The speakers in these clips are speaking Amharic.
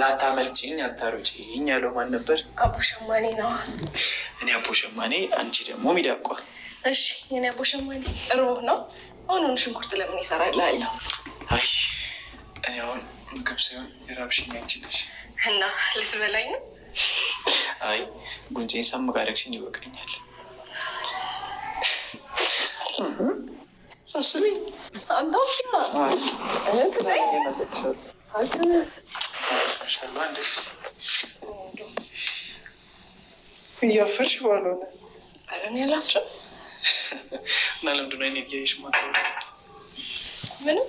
ላታመልጭኝ አታሮጭኝ ያለው ማን ነበር? አቦ ሸማኔ ነው። እኔ አቦ ሸማኔ፣ አንቺ ደግሞ ሚዳቋ። እሺ የኔ አቦ ሸማኔ ነው። አሁን ሽንኩርት ለምን ይሰራልሃለሁ? አይ እኔ አሁን ምግብ ሳይሆን የራብሽኝ አንቺ ነሽ። እና ልትበላኝ ነው? አይ ጉንጬን ሳም ቃደግሽኝ ይወቀኛል። ሶስሚ አንተ እያፈርሽ ባልሆነ አረን ያላቸው እና ለምንድን ነው እኔ እያየሽ ማታ ምንም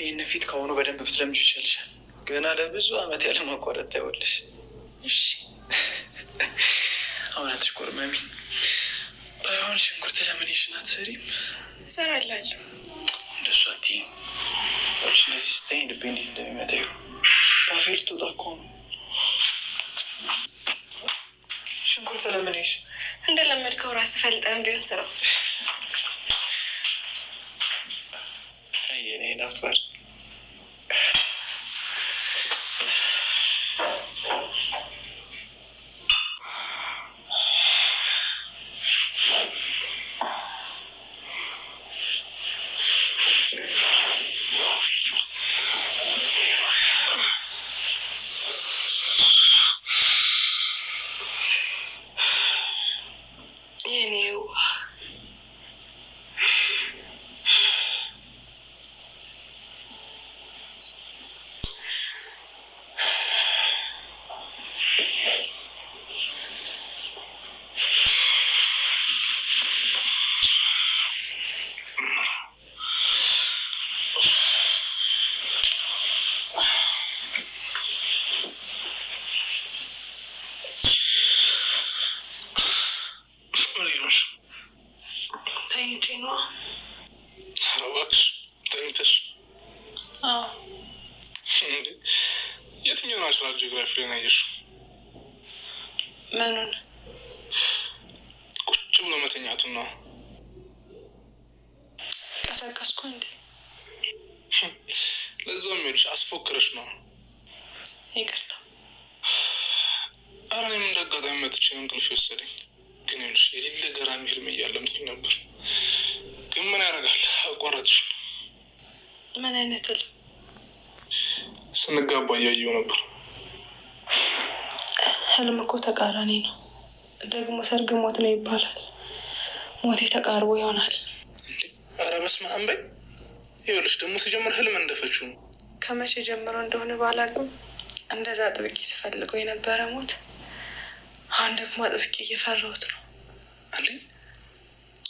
ይህን ፊት ከሆኑ በደንብ ብትለምጅ ይችልሻል። ገና ለብዙ አመት ያለ ማቋረጥ ታይወልሽ። አሁናትሽ ቆርመሚ አሁን ሽንኩርት ለምን ሽናት ሰሪም ሰራላለሁ ለሲስታ እንዴት እንደሚመጣ ባፌርቱ ጣኮ ነው። ሽንኩርት ለምን ይስ እንደለመድከው ራስህ ፈልጠህም ቢሆን ስራው yẹn ni ነዋ። ኧረ እባክሽ ተኝተሽ እንዴ? የትኛው ናሽናል ጂኦግራፊ ላይ ነው ያየሽው? ምኑን? ቁጭ ብሎ መተኛቱን ነዋ። ቀሰቀስኩ እንዴ? ለዛው የሚልሽ አስፎክረሽ ነዋ። ይቅርታ። ኧረ እኔም እንዳጋጣሚ መጥቼ እንቅልፍ የወሰደኝ ግን ይኸውልሽ የሌለ ገራሚ ህልም እያለ አቋረጥሽ? ምን አይነት ል ስንጋባ እያየው ነበር። ህልም እኮ ተቃራኒ ነው። ደግሞ ሰርግ ሞት ነው ይባላል። ሞቴ ተቃርቦ ይሆናል። ኧረ በስመ አብ በይ። ይኸውልሽ ደግሞ ሲጀምር ህልም እንደፈችው ነው። ከመቼ ጀምሮ እንደሆነ ባላቅም እንደዛ አጥብቄ ስፈልገው የነበረ ሞት አሁን ደግሞ አጥብቄ እየፈራሁት ነው።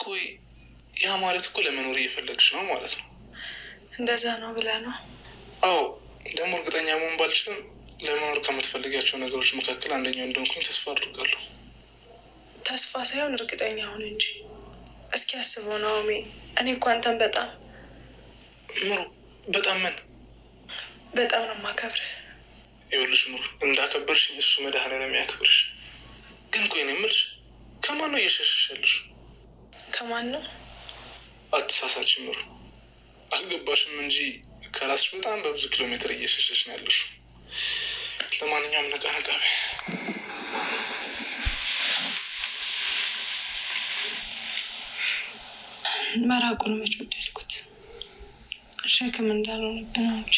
ቆይ ያ ማለት እኮ ለመኖር እየፈለግሽ ነው ማለት ነው። እንደዛ ነው ብለህ ነው? አዎ። ደግሞ እርግጠኛ መሆን ባልችልም ለመኖር ከምትፈልጊያቸው ነገሮች መካከል አንደኛው እንደሆንኩኝ ተስፋ አድርጋለሁ። ተስፋ ሳይሆን እርግጠኛ ሁን እንጂ። እስኪ አስበው ናኦሚ፣ እኔ እኮ አንተን በጣም ምሩ፣ በጣም ምን በጣም ነው የማከብርህ። ይኸውልሽ ምሩ፣ እንዳከበርሽ እሱ መድኃኒዓለም ያክብርሽ። ግን ቆይ እኔ የምልሽ ከማን ነው እየሸሸሽ ከማን ነው አትሳሳ ጭምር አልገባሽም እንጂ ከራስሽ በጣም በብዙ ኪሎ ሜትር እየሸሸሽ ነው ያለሽ። ለማንኛውም ነቃነቃቢ መራቁን መች ወደድኩት ሸክም እንዳልሆነብን እንጂ